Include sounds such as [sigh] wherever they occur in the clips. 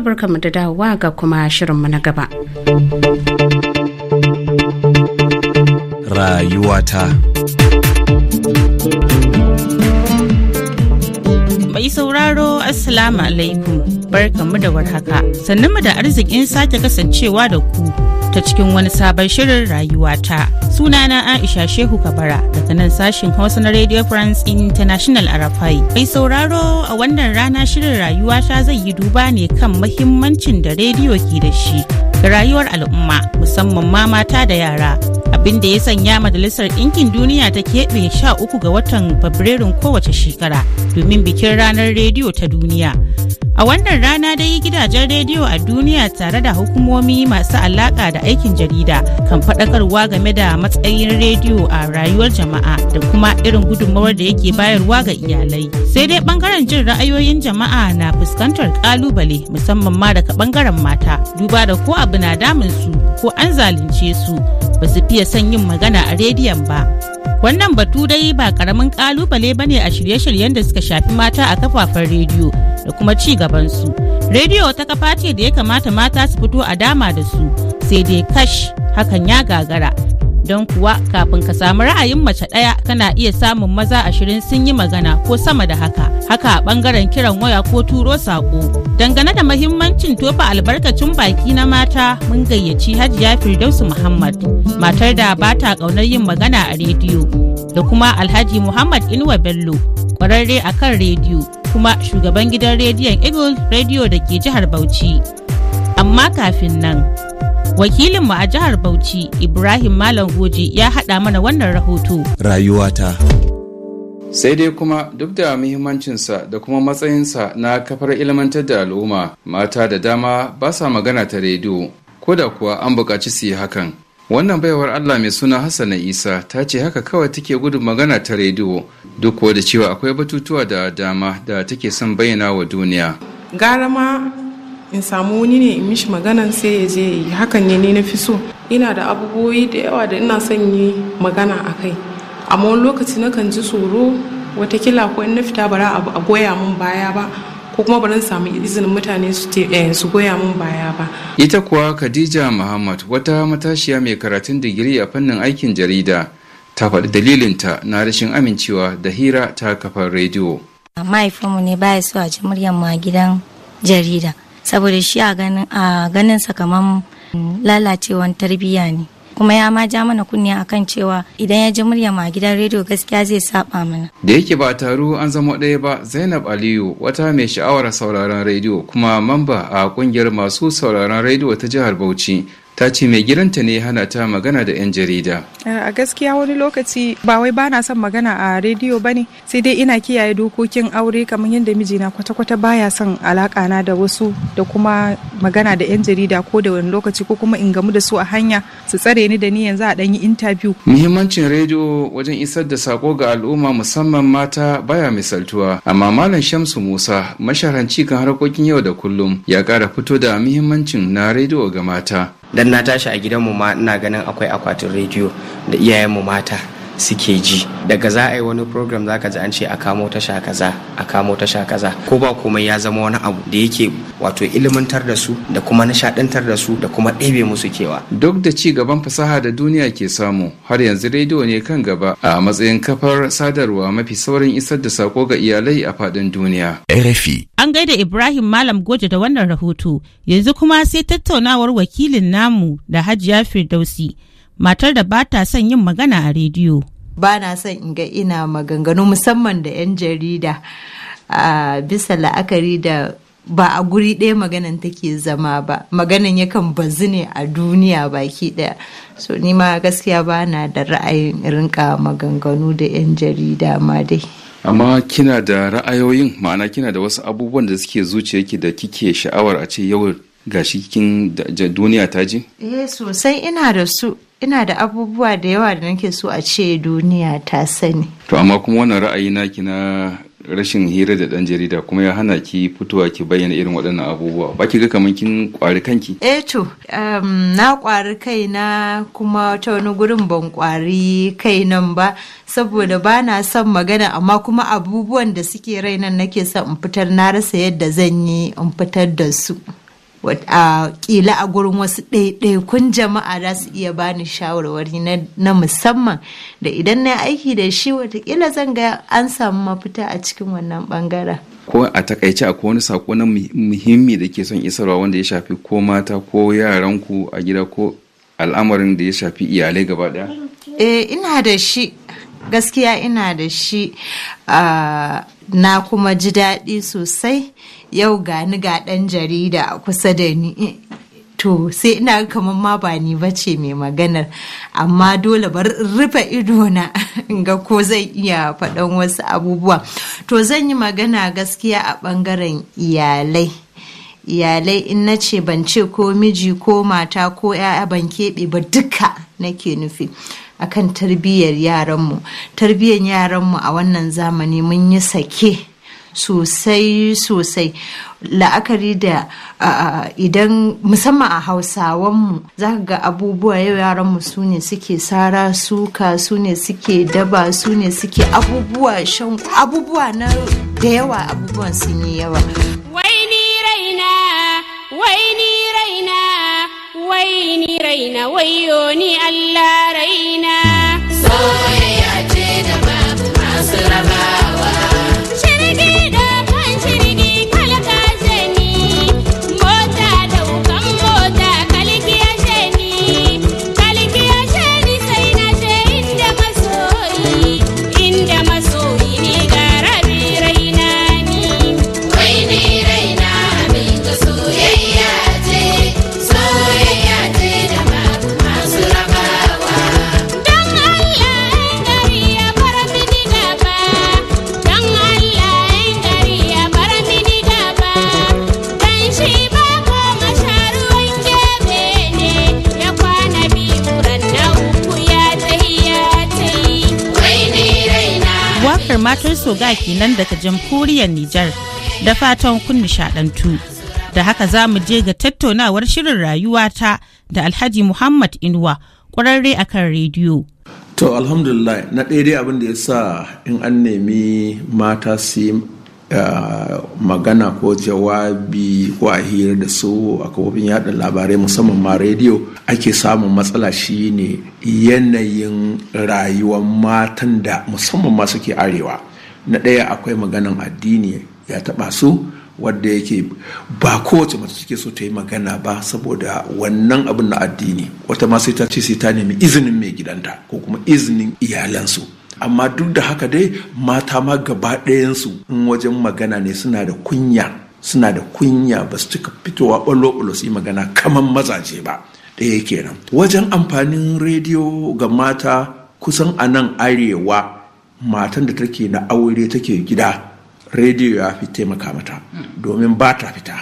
da mu da dawowa ga kuma shirinmu na gaba. Rayuwata Mai sauraro Assalamu alaikum. barkanmu da warhaka sannan mu da arzikin sake kasancewa da ku ta cikin wani sabon shirin rayuwa rayuwata sunana aisha shehu kabara daga nan sashin hausa na radio france international arafai mai sauraro a wannan rana shirin rayuwa ta zai yi duba ne kan mahimmancin da rediyo ke da shi ga rayuwar al'umma musamman ma mata da yara abin da ya sanya majalisar ɗinkin duniya ta keɓe sha uku ga watan fabrairun kowace shekara domin bikin ranar rediyo ta duniya A wannan rana dai gidajen rediyo a duniya tare da hukumomi masu alaƙa da aikin jarida kan faɗakarwa game da matsayin rediyo a rayuwar jama'a da kuma irin gudunmawar da yake bayarwa ga iyalai. Sai dai bangaren jin ra'ayoyin jama'a na fuskantar ƙalubale, musamman ma daga bangaren mata duba da ko abu na damun su ko an zalunce su ba su fiye son yin magana a rediyon ba. Wannan batu dai ba karamin kalubale bane a shirye-shiryen da suka shafi mata a kafafen rediyo da kuma ci gaban su, Rediyo ta kafa ce da ya kamata mata su fito a dama da su, sai dai kash hakan ya gagara. don kuwa kafin ka samu ra'ayin mace ɗaya kana iya samun maza ashirin sun yi magana ko sama da haka haka a ɓangaren kiran waya ko turo saƙo dangane da mahimmancin tofa albarkacin baki na mata mun gayyaci hajiya firdausu muhammad matar da ba ta ƙaunar yin magana a rediyo da kuma alhaji muhammad inuwa bello ƙwararre a kan rediyo kuma shugaban gidan rediyon eagle rediyo da ke jihar bauchi amma kafin nan Wakilinmu a jihar Bauchi Ibrahim Malam Goji ya haɗa mana wannan rahoto. Rayuwata. sai dai kuma duk da muhimmancinsa da kuma matsayinsa na kafar ilmantar da al'umma mata da dama ba sa magana ta rediyo ko da kuwa an buƙaci su yi hakan wannan baiwar allah mai suna hassana isa ta ce haka kawai take gudun magana ta rediyo duk da cewa akwai batutuwa da dama da take son bayyana wa duniya gara in samu wani ne in mishi maganan sai ya je yi hakan ne ni na fi so ina da abubuwa da yawa da ina son yi magana a kai amma wani lokaci na kan ji tsoro watakila ko in na fita bara a goya mun baya ba ko kuma barin samu izinin mutane eh, su goya mun baya ba. Ita kuwa Khadija Muhammad wata matashiya mai karatun digiri a fannin aikin jarida ta faɗi dalilinta na rashin amincewa da hira ta kafar rediyo. Mahaifinmu ne baya so a ji muryar a gidan jarida. saboda shi a ganin sakamakon lalacewan tarbiyya ne kuma ya ma ja mana a kan cewa idan ya ji murya ma gidan rediyo gaskiya zai saba mana. Da yake ba taru an zama ɗaya ba Zainab Aliyu wata mai sha'awar sauraron rediyo kuma mamba a kungiyar masu sauraron rediyo ta jihar Bauchi ta ce mai gidanta ne hana ta magana da 'yan jarida a gaskiya wani lokaci ba wai ba na son magana a rediyo ba ne sai dai ina kiyaye dokokin aure kamar yadda mijina kwata-kwata baya son alaka na da wasu da kuma magana da 'yan jarida ko da wani lokaci ko kuma in gamu da su a hanya su tsare ni da ni yanzu a dan yi interview muhimmancin rediyo wajen isar da sako ga al'umma musamman mata baya misaltuwa amma malam shamsu musa masharanci kan harkokin yau da kullum ya kara fito da muhimmancin na rediyo ga mata dan na tashi a gidanmu ma ina ganin akwai akwatin rediyo da iyayenmu mata suke ji daga za a yi wani program za ka ji an ce a kamo tasha kaza a kamo tasha kaza ko ba komai ya zama wani abu da yake wato ilimantar da su da kuma nishadantar da su da kuma ɗebe musu kewa duk da ci gaban fasaha da duniya ke samu har yanzu rediyo ne kan gaba a matsayin kafar sadarwa mafi saurin isar da sako ga iyalai a faɗin duniya RFI an gaida Ibrahim Malam Goje da wannan rahoto yanzu kuma sai tattaunawar wakilin namu da Hajiya Firdausi matar da ba ta son yin magana a rediyo. Ba na son in ga ina maganganu musamman da 'yan jarida a bisa la'akari da ba a guri ɗaya maganan take zama ba maganan yakan bazu ne a duniya baki ɗaya so ni ma gaskiya ba na da ra'ayin rinka maganganu da 'yan jarida ma dai amma kina da ra'ayoyin ma'ana kina da wasu abubuwan da suke zuciyarki da kike sha'awar a ce yau gashi kin duniya ta ji? Eh sosai ina da su ina da abubuwa da yawa da nake so a ce duniya ta sani. To amma kuma wannan ra'ayi na kina rashin hira da ɗan jarida kuma ya hana ki fitowa ki bayyana irin waɗannan abubuwa ba ki ga kamar kin ƙwari kanki? Eh to na ƙwari kaina kuma ta wani gurin ban ƙwari kainan ba saboda ba na son magana amma kuma abubuwan da suke rainan nake son in fitar na rasa yadda zan yi in fitar da su. kila a gurin wasu ɗaiɗaikun jama'a za su iya bani shawarwari na musamman da idan na aiki da shi watakila zan ga an samu mafita a cikin wannan bangaren. ko a takaice a wani sako na muhimmi da ke son isarwa wanda ya shafi ko mata ko yaranku a gida ko al'amarin da ya shafi iyalai gaba ɗaya eh, ina da shi gaskiya ina da shi ah, na kuma ji daɗi sosai yau gani ga ɗan jarida a kusa da ni eh, to sai ina kamar ma ba ni bace mai maganar amma dole bar rufe idona [laughs] ga ko zan iya faɗan wasu abubuwa to zan yi magana gaskiya a ɓangaren iyalai iyalai in na ce ban ce ko miji ko mata ko 'ya'ya ban keɓe ba duka nake nufi akan tarbiyyar yaranmu tarbiyyar yaranmu a wannan zamani mun yi sake sosai sosai la'akari da idan musamman a hausawanmu za ga abubuwa yau yaranmu su ne suke sara suka su ne suke daba su ne suke abubuwa shan abubuwa na da yawa abubuwan sun yi yawa raini raina wayo ni Allah raina. wakar matar soga kenan daga jamhuriyar Nijar da fatan kun nishadantu. Da haka za mu je ga tattaunawar shirin rayuwata da Alhaji Muhammad Inuwa ƙwararre akan rediyo. To alhamdulillah na ɗaya dai abin da ya sa in an nemi mata su magana ko jawabi ko a hira da su a kafofin yada labarai musamman ma rediyo ake samun matsala shi ne yanayin rayuwar matan da musamman ma suke arewa na ɗaya akwai maganan addini ya taɓa su wadda yake ba kowace mace suke so ta yi magana ba saboda wannan abin na addini wata ma sai ta ce sai ta nemi izinin mai gidanta ko kuma izinin iyalansu amma duk da haka dai mata ma gaba ɗayansu in wajen magana ne suna da kunya suna da kunya ba su cika fitowa ɓallo-ɓallo su yi magana kamar mazaje ba ɗaya kenan wajen amfanin rediyo ga mata kusan a nan arewa matan da take na aure take gida rediyo ya fi taimaka mata domin ba ta fita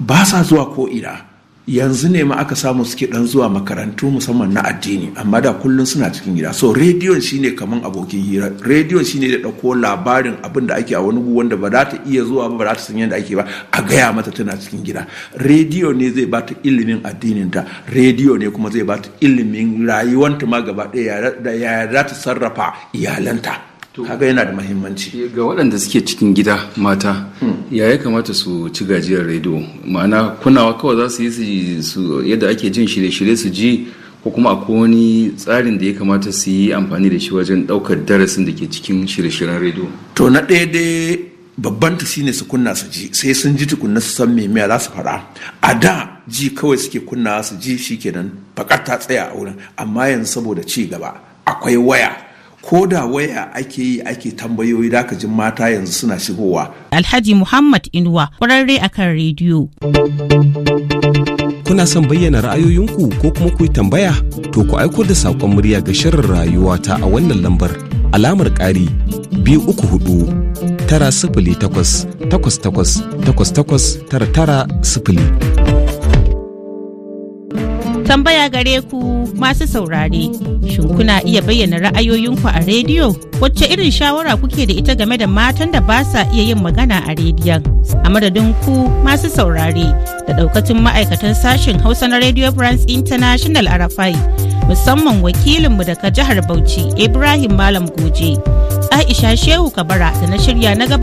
ba sa zuwa ko'ina. yanzu ne ma aka samu suke dan zuwa makarantu musamman na addini amma da kullum suna cikin gida so rediyon shine kaman abokin hira rediyon shine da dauko labarin abin da ake a wani gu wanda ba za ta iya zuwa ba ba za ta san yadda ake ba a gaya mata tana cikin gida rediyo ne zai ba ta ilimin addinin ta rediyo ne kuma zai ba ta ilimin rayuwanta ma gaba ɗaya da ya za ta sarrafa iyalanta kaga yana da mahimmanci ga waɗanda suke cikin gida mata hmm. ya ya kamata su ci gajiyar rediyo ma'ana kunawa kawai za su yi su yadda ake jin shirye-shirye su ji ko kuma akwai wani tsarin da ya kamata su yi amfani da shi wajen ɗaukar darasin da ke cikin shirye-shiryen rediyo to na ɗaya dai babban ta shine su kunna su ji sai sun ji tukunna su san meme za su faɗa a da ji kawai suke kunna su ji shi shikenan fakar ta tsaya a wurin amma yanzu saboda ci gaba akwai waya ko da waya ake yi ake tambayoyi da jin mata yanzu suna shigowa. Alhaji Muhammad Inuwa ƙwararre kan rediyo. Kuna son bayyana ra'ayoyinku ko kuma ku tambaya? To ku aiko da saƙon murya ga shirin rayuwa ta a wannan lambar alamar ƙari biyu uku hudu tara sifili takwas takwas takwas takwas takwas tara tara sifili. Tambaya gare ku masu saurare. Shin kuna iya bayyana ra'ayoyinku a rediyo? Wacce irin shawara kuke da ita game da matan da ba sa iya yin magana a rediyon? A madadin ku masu saurare da ɗaukacin ma'aikatan sashen Hausa na Radio France International Arafai. Musamman wakilinmu daga jihar Bauchi Ibrahim Malam Goje. Aisha Shehu Kabara da na shirya na gaba